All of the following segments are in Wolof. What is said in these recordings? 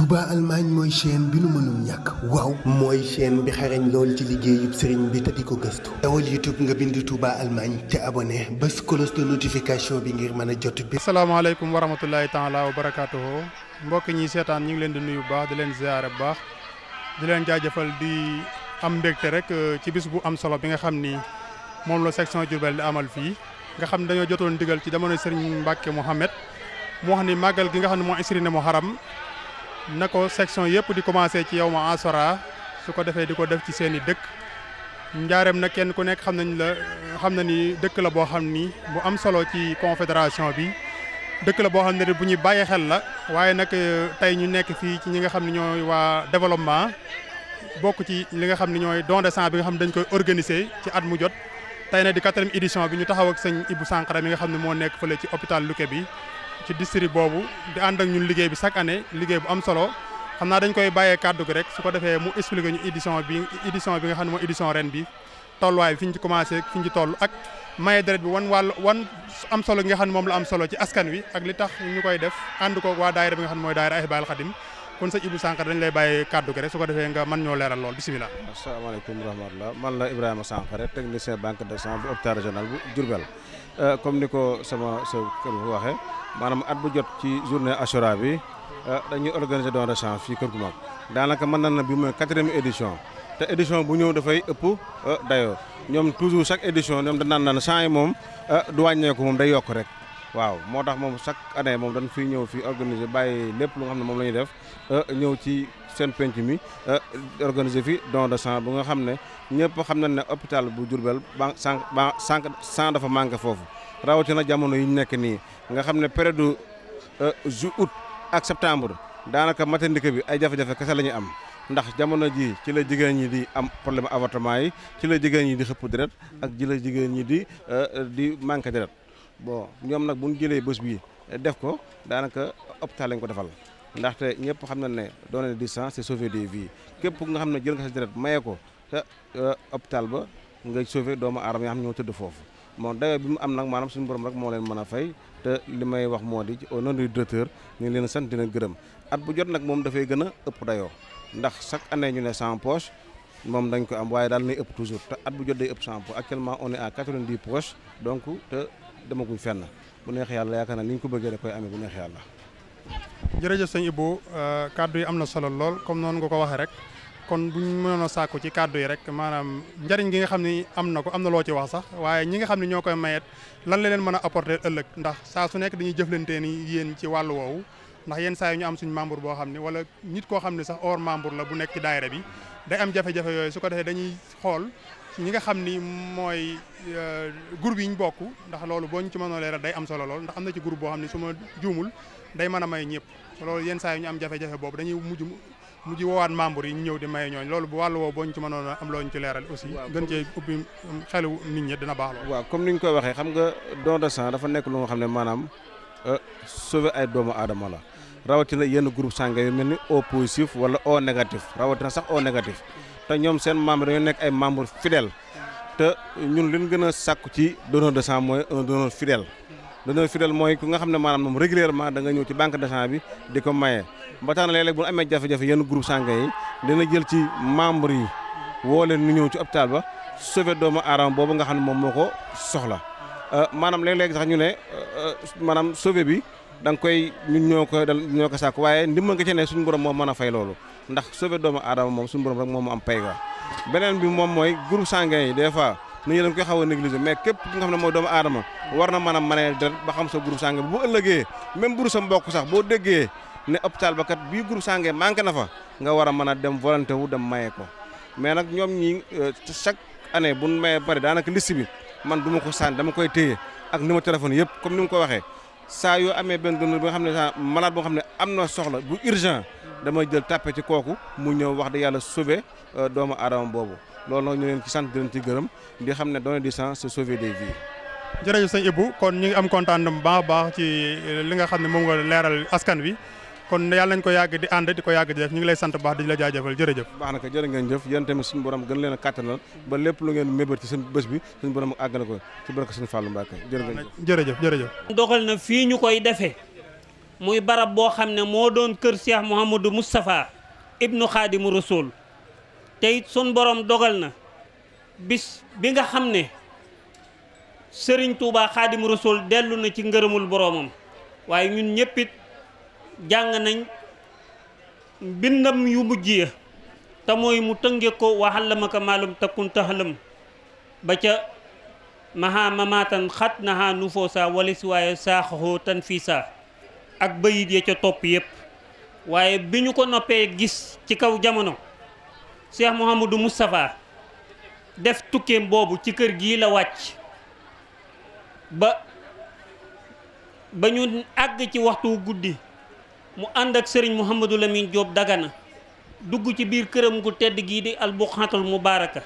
Touba Allemagne mooy chaîne bi nu mënul ñàkk waaw mooy chaîne bi xarañ lool ci liggéeyub sëriñ bi te di ko gëstu dawal YouTube nga bind Touba Allemagne te abone bés cloche de notification bi ngir mën a jot bi asalaamaaleykum wa rahmatullahi taala wa barakaatuhu mbokk ñi seetaan ñu ngi leen di nuyu baax di leen ziare bu baax di leen jaajëfal di am mbégte rek euh, ci bis bu am solo bi nga xam ni moom la section Diourbel di amal fii nga xam ne dañoo jotoon digal ci jamono Serigne Mbacke Mouhamed mu wax ni màggal gi nga xam ne moo inscrit ne mu na ko section yëpp di commencé ci yow ma ansora su ko defee di ko def ci seen i dëkk njaareem nag kenn ku nekk xam nañ la xam na ni dëkk la boo xam ni bu am solo ci confédération bi dëkk la boo xam ne bu ñuy bàyyi xel la waaye nag euh, tey ñu nekk fii ci ñi nga xam ne ñooy waa développement bokk ci li nga xam ne ñooy don de sang bi nga xam ne dañ koy organiser ci at mu tey na di quatrième édition bi ñu taxaw ak sëñ Ibou Sankara mi nga xam ne moo nekk ci hôpital Luké bi ci district boobu di ànd ak ñun liggéey bi chaque année liggéey bu am solo xam naa dañ koy bàyyee kàddu gi rek su ko defee mu expliquer ñu édition bi édition bi nga xam ne mooy édition ren bi tolluwaay bi fi ñu ci fi ñu ci toll ak maye deret bi wan wàll wan am solo nga xam ne moom la am solo ci askan wi ak li tax ñu koy def ànd ko waa daayira bi nga xam ne mooy daayira Ahibahil Khadim kon sëñ Ibou Sankharé dañ lay bàyyee kàddu gi rek su ko defee nga mën ñoo leeral lool bisimilah. man la Euh, comme ni ko sama sa kër bu waxee maanaam at bu jot ci journée Ashura bi euh, dañuy organiser don de sang fii Kër gu mag daanaka mën nan na bi mooy quatrième édition te édition bu ñëw dafay ëpp euh, dayoo ñoom toujours chaque édition ñoom da naan naan sang yi moom du wàññeeku moom day yokk rek waaw moo tax moom chaque année moom dañ fiy ñëw fii organiser bàyyi lépp lu nga xam ne moom la def euh, ñëw ci seen penc mi euh, organiser fi don de sang bu nga xam ne ñëpp xam nañ ne hôpital bu Diourbel ban sànq ban sànq sang dafa manqué foofu rawatina jamono yi ñu nekk nii nga xam ne période euh, ju août ak septembre daanaka maternité bi ay jafe-jafe kese la ñuy am ndax jamono ji ci la jigéen ñi di am problème avortement yi ci la jigéen ñi di xëpp deret ak ci jigéen ñi di di manqué deret bon ñoom nag bu ñu jëlee bés bii def ko daanaka hôpital lañ ko defal ndaxte ñëpp xam na ne donner du sang c'est sauver des vies képp nga xam ne jël nga sa deret maye ko te euh, hôpital ba nga sauver doomu aadama yoo xam ñoo tëdd foofu moom dayoo bi mu am nag maanaam suñu borom rek moo leen mën a fay li may wax moo di au nom du directeur ñu ngi leen sant dina gërëm at bu jot nag moom dafay gën a ëpp dayoo ndax chaque année ñu ne san poche moom dañ ko am waaye daal nay ëpp toujours te at bu jot day ëpp sans poche actuellement on est à 90 poches donc te demaguñ fenn bu neex yàlla yaakaar naa ni ñu ko bëggee da koy ame bu neex yàlla. jërëjëf sëñ Ibou euh, kàddu yi am na solo lool comme noonu nga ko waxee rek kon buñ mënoon a sàkku ci kàddu yi rek maanaam njariñ gi nga xam ni am na ko am na loo ci wax sax waaye ñi nga xam ne ñoo koy mayet lan la leen mën a apporter ëllëg ndax saa su nekk dañuy jëflante ni yéen ci wàllu woowu ndax yenn saa yi ñu am suñ membre boo xam ne wala nit koo xam ne sax hors membre la bu nekk ci daayira bi day am jafe-jafe yooyu su ko defee dañuy xool ñi nga xam ni mooy euh, groupe yi ñu bokk ndax loolu boo ñu ci mënoo leeral day am solo lool ndax am na ci groupe boo xam ne su ma juumul day mën a may ñëpp loolu yenn saa yi am jafe-jafe boobu dañuy mujj mujj woowaat membre yi ñëw di may ñooñ loolu bu wàllu woo boo ñu ci mënoon a am loo ñu ci leeral aussi gën cee ubbi um, xelu nit ñi dina baax lool waa comme ni ñu koy waxee xam nga don de sang dafa nekk lu nga xam ne maanaam euh, sauver ay doomu aadama la rawatina yenn groupe sànga yu mel ni O positif wala O rawatina sax O te ñoom seen membre dañoo nekk ay membre fidèle te ñun liñ gën a sàkku ci donneur de sang mooy un donneur fidèle donneur mooy ku nga xam ne maanaam moom régulièrement da nga ñëw ci banque de sang bi di ko maye ba tax na léeg-léeg bu ñu amee jafe-jafe yenn groupe sanguin yi dana jël ci membre yi woo leen ñu ñëw ci hôpital ba sauver doomu aadama boobu nga xam ne moom moo ko soxla euh, maanaam léeg-léeg sax ñu ne euh, euh, maanaam sauver bi da nga koy ñu ñoo ko dal ñoo ko sàkk waaye ndimbal nga ci suñu borom moo mën a fay loolu ndax sauver doomu aadama moom suñu borom rek moom mu am pay ga beneen bi moom mooy groupe sanguin yi des fois nit ñi xaw a négliger mais képp ki nga ne mooy doomu aadama war na man a manee deret ba xam sa groupe sanguin bu ëllëgee même buru sa mbokk sax boo déggee ne hôpital ba kat bii groupe sanguin manqué na fa nga war a mën a dem volonté wu dem mayee ko mais nag ñoom ñii euh, chaque année bu ñu mayee pare daanaka liste man du ma ko sànni dama koy téye ak numéro téléphone yëpp comme ni mu ko waxee saa yoo amee benn dund bi nga xam ne saa malade boo xam ne am na soxla bu urgent damay jël tàppe ci kooku mu ñëw wax dëgg yàlla sauver euh, doomu aadama boobu loolu nag ñu leen ci sant di ci gërëm di xam ne donner du sang c'est sauver des vies. jërëjëf sëñ Ibou kon ñu ngi am kontaan bu baax baax ci li nga xam ne moom nga leeral askan wi. kon yàlla nañ ko yàgg di ànd di ko yàgg di def ñu ngi lay sant baax di la jaajëfal jërëjëf baax na ko jërë ngeen jëf yéen tamit suñu borom gën leen a kàttanal ba lépp lu ngeen mébét ci seen bés bi suñu borom àgg na ko ci barke suñu Fallou Mbacke jërëjëf jërëjëf doxal na fii ñu koy defee muy barab boo xam ne moo doon kër Cheikh Mouhamadou Moustapha ibnu Khadimu Rasoul te it suñ borom dogal na bis bi nga xam ne Serigne Touba Khadimu Rasoul dellu na ci ngërëmul boromam waaye ñun ñëpp jàng nañ mbindam yu mujj ya te mu tënge ko waxallamaka maalum takkun taxalam ba ca maha xat naha nufoosa wala si waaye saaxaxoo tan fii ak bayit ya ca topp yépp waaye bi ñu ko noppee gis ci kaw jamono Cheikh Mouhamadou Moustapha def tukkeem boobu ci kër gi la wàcc ba ba ñu àgg ci waxtu guddi mu ànd ak sëriñ Mouhamadou Lamine jóob Dagana dugg ci biir këram gu tedd gii di albuqaatul mubaaraka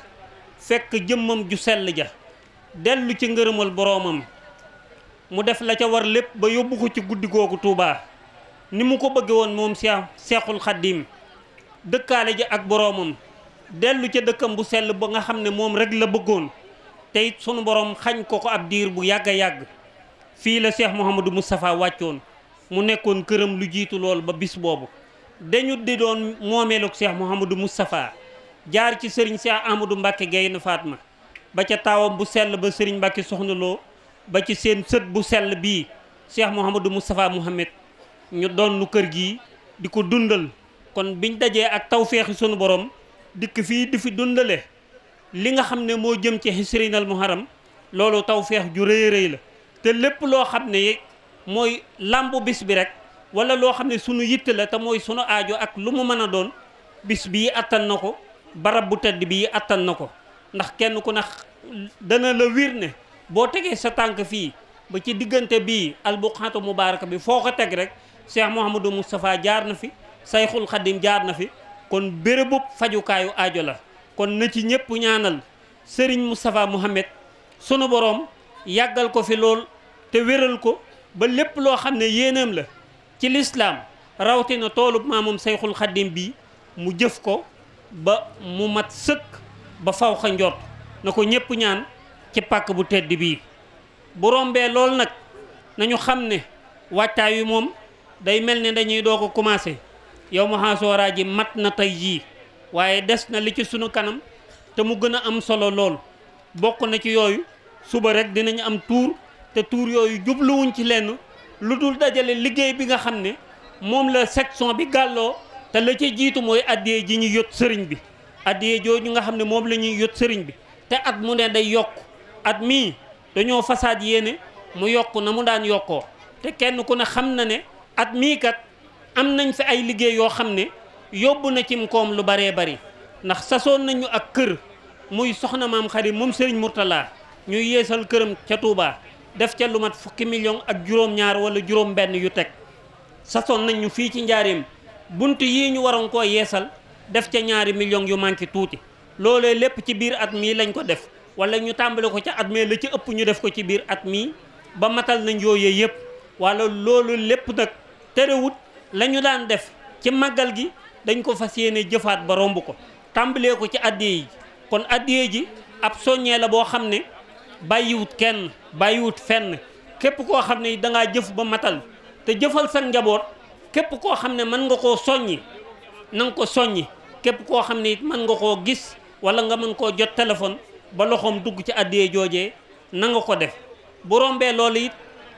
fekk jëmmam ju sell ja dellu ci ngërëmal boroomam mu def la ca war lépp ba yóbbu ko ci guddi googu Touba ni mu ko bëgge woon moom Seex Seexul Xaddiim dëkkaale ja ak boroomam dellu ca dëkkam bu sell ba nga xam ne moom rek la bëggoon te it sunu boroom xañ ko ko ab diir bu yàgg a yàgg fii la Seex Mouhamadou Moustapha wàccoon mu nekkoon këram lu jiitu loolu ba bis boobu dañu di doon moomeeluk Cheikh Mouhamadou Moustapha jaar ci sëriñ Cheikh amadu Mbacke Gaynde Fatma ba ca taawam bu sell ba sëriñ Mbacke Soxna Lo ba ci seen sët bu sell bii Cheikh Mouhamadou Moustapha Mouhamed ñu doon nu kër gi di ko dundal kon biñ dajee ak tawféexi sunu borom dikk fii di fi dundale li nga xam ne moo jëm ci xisrinal muharam loolu tawféex ju rëy rëy la te lépp loo xam ne mooy làmb bis bi rek wala loo xam ne sunu yitt la te mooy sunu aajo ak lu mu mën a doon bis bii attan na ko barab bu tedd bii attan na ko ndax kenn ku ne dana la wir ne boo tegee sa tànk fii ba ci diggante bii albuqaatu mubaaraka bi foo ko teg rek Cheikh Mouhamadou Moustapha jaar na fi Sayxul Xadim jaar na fi kon bérébub fajukaayu aajo la kon na ci ñëpp ñaanal Serigne Moustapha Mouhamed sunu boroom yàggal ko fi lool te wéral ko ba lépp loo xam ne yéenam la ci lislaam rawatina toolub maamum sayxul xaddim bi mu jëf ko ba mu mat sëkk ba faw xa njort na ko ñépp ñaan ci pàkk bu tedd bii bu rombee loolu nag nañu xam ne waajtaay wi moom day mel ni dañuy doo ko commencé yow mu xaasooraa ji mat na tey jii waaye des na li ci sunu kanam te mu gën a am solo lool bokk na ci yooyu suba rek dinañ am tuur te tuur yooyu jubluwuñ ci lenn lu dul dajale liggéey bi nga xam ne moom la section bi gàlloo te la ci jiitu mooy addiyee ji ñu yot sëriñ bi addiyee jooju nga xam ne moom la ñuy yot sëriñ bi te at mu ne day yokk at mii dañoo fasaad yéene mu yokk na mu daan yokkoo te kenn ku ne xam na ne at mii kat am nañ fi ay liggéey yoo xam ne yóbbu na cim koom lu baree bari ndax sasoon nañu ak kër muy soxna maam xarit moom sëriñ Mourtala ñu yeesal këram ca Touba. def ca lu mat fukki million ak juróom-ñaar wala juróom-benn yu teg sasoon nañ ñu fii ci njaareem bunt yii ñu waroon koo yeesal def ca ñaari million yu manqué tuuti loolee lépp ci biir at mii lañ ko def wala ñu tàmbale ko ca at mee la ci ëpp ñu def ko ci biir at mii ba matal nañ yooyee yëpp wala loolu lépp nag terewut la ñu daan def ci màggal gi dañ ko fas yéene jëfaat ba romb ko tàmbalee ko ci addiye yi kon addiye ji ab soññee la boo xam ne bàyyiwut kenn bàyyiwut fenn képp koo xam ne da ngaa jëf ba matal te jëfal sa njaboot képp koo xam ne mën nga koo soññi na nga ko soññi képp koo xam ne it mën nga koo gis wala nga mën koo jot téléphone ba loxoom dugg ci àddiyee joojee na nga ko def bu rombee loolu it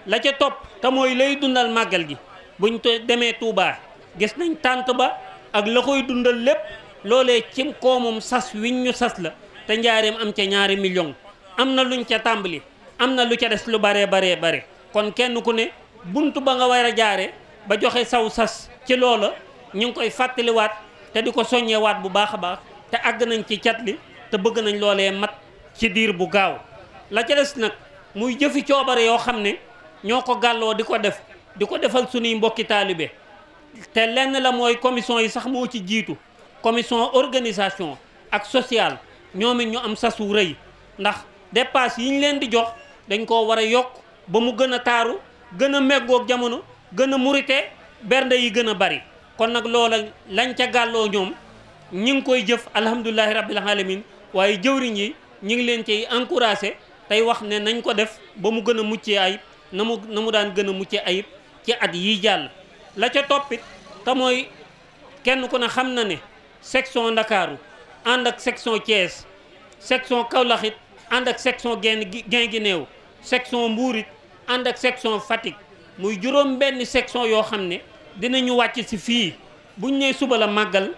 la ca topp te mooy lay dundal màggal gi buñ te demee Touba gis nañ tànt ba ak la koy dundal lépp loole cim koomum sas wiñ ñu sas la te njaareem am ca ñaari million am na lu ñu ca tàmbali am na lu ca des lu baree baree bare kon kenn ku ne bunt ba nga war a jaare ba joxe saw sas ci loola ñu ngi koy fàttaliwaat te di ko soññewaat bu baax a baax te àgg nañ ci cat li te bëgg nañ loolee mat ci diir bu gaaw la ca des nag muy jëfi coobare yoo xam ne ñoo ko gàlloo di ko def di ko defal suñuy mbokki taalibe te lenn la mooy commission yi sax moo ci jiitu commission organisation ak sociale ñoom it ñu am sasu rëy ndax dépense yi ñu leen di jox dañ koo war a yokk ba mu gën a taaru gën a meggoog jamono gën a murite bernde yi gën a bari kon nag loola lañ ca gàlloo ñoom ñi ngi koy jëf alhamdulilahi rabbil alamin waaye jëwriñ yi ñi ngi leen ciy encouragé tey wax ne nañ ko def ba mu gën a muccee ayib na mu na mu daan gën a muccee ayib ci at yi jàll la ca toppit te kenn ku ne xam na ne section ndakaaru ànd ak section Thiès section Kaolack ànd ak section gi Guinguinéo section Mbour it ànd ak section Fatick muy juróom benn section yoo xam ne dinañu wàcc si fii buñ nee suba la màggal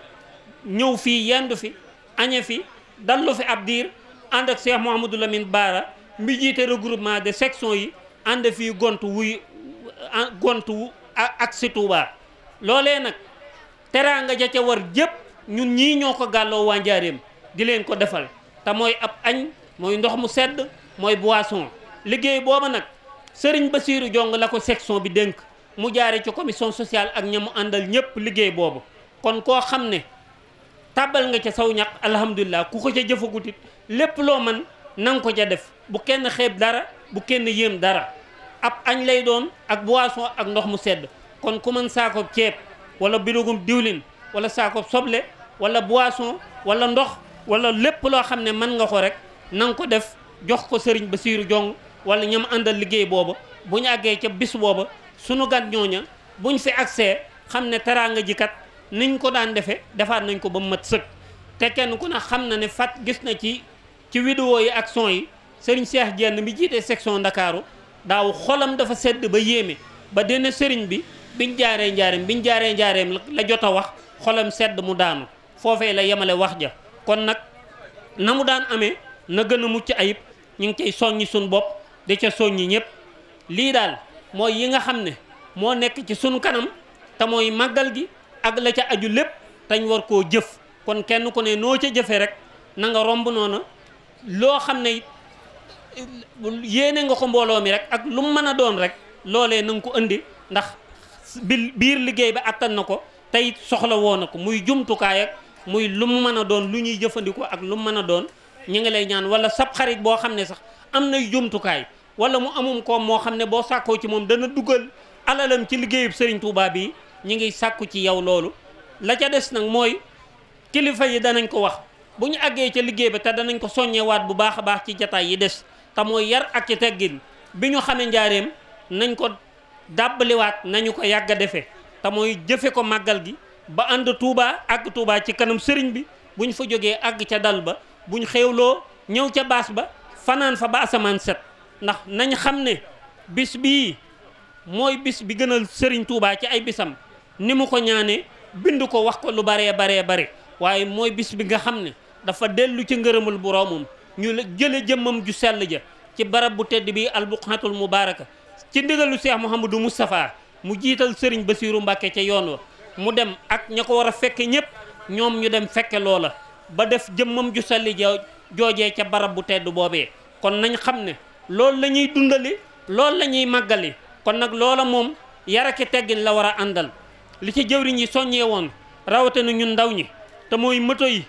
ñëw fii yendu fi añe fi dallu fi ab diir ànd ak Cheikh Mouhamadou Lamine Bara mi jiite regroupement de section yi ànd fii gont wuy gont wu ak si Touba loolee nag teraanga ja ca war jëpp ñun ñii ñoo ko gàlloo waa njaareem di leen ko defal te mooy ab añ mooy ndox mu sedd mooy boisson liggéey booba nag ba Bassirou jong la ko section bi dénk mu jaare ci commission sociale ak ñamu àndal ñëpp liggéey boobu kon koo xam ne tàbbal nga ca saw ñax alhamdulilah ku ko ca jëfagutit lépp loo mën nanga ko ca def bu kenn xeeb dara bu kenn yéem dara ab añ lay doon ak boisson ak ndox mu sedd kon ku mën saako ceeb wala birogum diwlin wala saako soble wala boison wala ndox wala lépp loo xam ne mën nga ko rek na nga ko def jox ko sëriñ Basiiru Jong wala ñam àndal liggéey booba bu ñu àggee ca bis booba sunu gan ñooña buñ fi agsee xam ne teraanga ji kat niñ ko daan defee defaat nañ ko ba mu mat sëg te kenn ku na xam na ne fat gis na ci ci vidéo yi ak yi sëriñ Cheikh jenn mi jiite section Ndakaaru daaw xolam dafa sedd ba yéeme ba denn sëriñ bi biñ jaaree njaareem biñ jaaree njaareem la jot a wax xolam sedd mu daanu foofee la yemale wax ja kon nag na mu daan amee na gën a mucc ayib ñu ngi cay soññi suñ bopp da ca soññi ñëpp lii daal mooy yi nga xam ne moo nekk ci sunu kanam te mooy màggal gi ak la ca aju lépp tañ war koo jëf kon kenn ku ne noo ca jëfee rek na nga romb noona loo xam ne yéene nga ko mbooloo mi rek ak lu mu mën a doon rek loolee na ko indi ndax biir liggéey ba attan na ko tey soxla na ko muy jumtukaay muy lu mën a doon lu ñuy jëfandikoo ak lu mu mën a doon ñi ngi lay ñaan wala sab xarit boo xam ne sax am nay jumtukaay wala mu amum koom moo xam ne boo sàkkoo ci moom dana dugal alalam ci liggéeyub Serigne Touba bi ñu ngi sàkku ci yow loolu la ca des nag mooy kilifa yi danañ ko wax bu ñu àggee ca liggéey ba te danañ ko soññewaat bu baax a baax ci jataay yi des te mooy yar ak ci teggin bi ñu xamee njaareem nañ ko dàbbaliwaat nañu ko yàgg a defee te mooy jëfe ko màggal gi ba ànd Touba àgg tuubaa ci kanam sëriñ bi bu fa jógee àgg ca dal ba buñ xewloo ñëw ca baas ba fanaan fa ba asamaan set ndax nañ xam ne bis bii mooy bis bi gënal sëriñ Touba ci ay bisam ni mu ko ñaane bind ko wax ko lu baree baree bare waaye mooy bis bi nga xam ne dafa dellu ci ngërëmul boroomam ñu jële jëmmam ju sell ja ci barab bu tedd bi albuqatul mubaaraka ci ndigalu Cheikh Mouhamadou Moustapha mu jiital sëriñ Basiiru Mbàkke ca yoon wa mu dem ak ña ko war a fekke ñëpp ñoom ñu dem fekke loola ba def jëmmam ju salli jo joojee ca barab bu tedd boobee kon nañ xam ne loolu la ñuy dundali loolu la ñuy màggali kon nag loola moom yar yaraki teggin la war a àndal li ci jëwriñ yi soññee woon rawatina ñun ndaw ñi te mooy moto yi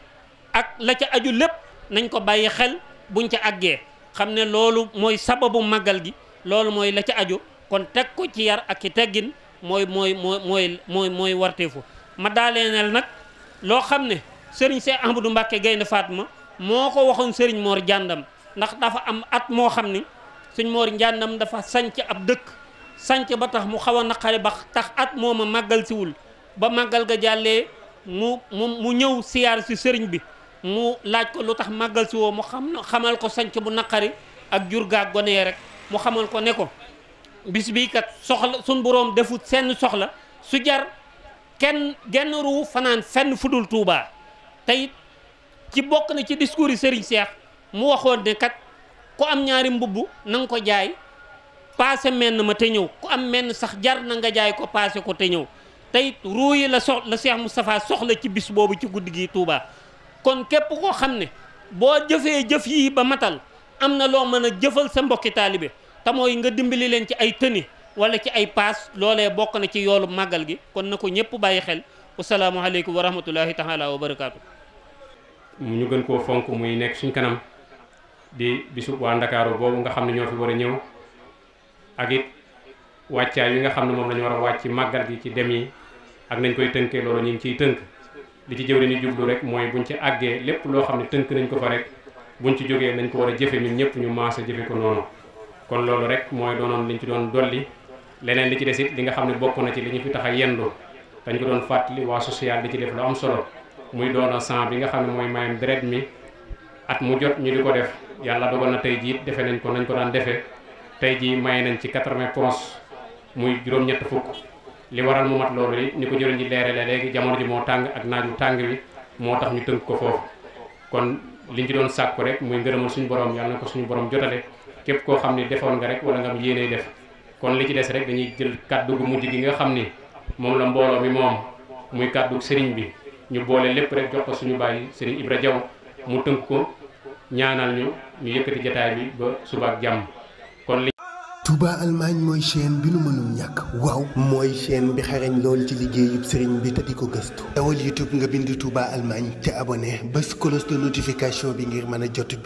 ak la ca aju lépp nañ ko bàyyi xel buñ ca àggee xam ne loolu mooy sababu màggal gi loolu mooy la ci aju kon teg ko ci yar ak ci teggin mooy mooy mooy mooy mooy mooy warteefu ma daa leeneel nag loo xam ne sëriñ Cheikh Ahmadou Mbacke Gaynde Fatma moo ko waxoon sëriñ moor jàndam ndax dafa am at moo xam ni sëñ moor Njàndam dafa sanc ab dëkk sanc ba tax mu xaw a naqari ba tax at mooma màggal siwul ba màggal ga jàllee mu mu ñëw siyaar si sëriñ bi mu laaj ko lu tax màggal si woo mu xam xamal ko sanc bu naqari ak jur gaag gone rek mu xamal ko ne ko bis bii kat soxla sun boroom defut seen soxla su jar kenn genn ruu fanaan fenn fudul tuubaa te it ci bokk na ci discours yi Serigne Cheikh mu waxoon ne kat ku am ñaari mbubb na nga ko jaay paase menn ma te ñëw ku am menn sax jar na nga jaay ko paase ko te ñëw te it ruu yi la sox la Cheikh Moustapha soxla ci bis boobu ci guddi gi Touba kon képp koo xam ne boo jëfee jëf yi ba matal am na loo mën a jëfal sa mbokki taalibe tamoo yi nga dimbali leen ci ay tëni wala ci ay paas loolee bokk na ci yoolu màggal gi kon na ko ñëpp bàyyi xel wasalaamualeykum wa rahmatullahi taala wa barakaatu. mu ñu gën ko fonk muy nekk suñ kanam di bisub waa ndakaaru boobu nga xam ne ñoo fi war a ñëw ak it wàccaay yi nga xam ne moom la ñu war a wàcc màggal gi ci dem yi ak nañ koy tënkee loolu ñu ngi ciy tënk li ci jëwri ni jublu rek mooy buñ ci àggee lépp loo xam ne tënk nañ ko fa rek buñ ci jógee nañ ko war a jëfe ñun ñëpp ñu maase jëfe ko noonu kon loolu rek mooy doonoon lañu ci doon dolli leneen li ci des li nga xam ne bokk na ci li ñu fi tax a yendu dañ ko doon fàttali waa social di ci def lu am solo muy doona sang bi nga xam ne mooy mayam deret mi at mu jot ñu di ko def yàlla dogal na tey jii defe nañ ko nañ ko daan defee tey jii may nañ ci 80 ponches muy juróom-ñett fukk li waral mu mat loolu yi ni ko jëriñ ji leere la léegi jamono ji moo tàng ak naaju tàng bi moo tax ñu tënk ko foofu kon li ñu doon sàkku rek muy ngërëmal suñu borom yàlla na ko suñu borom jotale képp koo xam ne defoon nga rek wala nga def kon li ci des gi nga xam ni moom la mbooloo mi moom muy kàddu sëriñ bi ñu boole lépp rek jox ko suñu bàyyi sëriñ Ibra Jaw mu tënk ko ñaanal ñu yëkkati jataay bi ba suba jàmm kon li Touba Allemagne mooy chaîne bi nu mënul ñàkk waaw mooy chaîne bi xarañ lool ci liggéeyub sëriñ bi te di ko gëstu dawal YouTube nga bind Touba almaañ te abonné bés cloche notification bi ngir mën a jot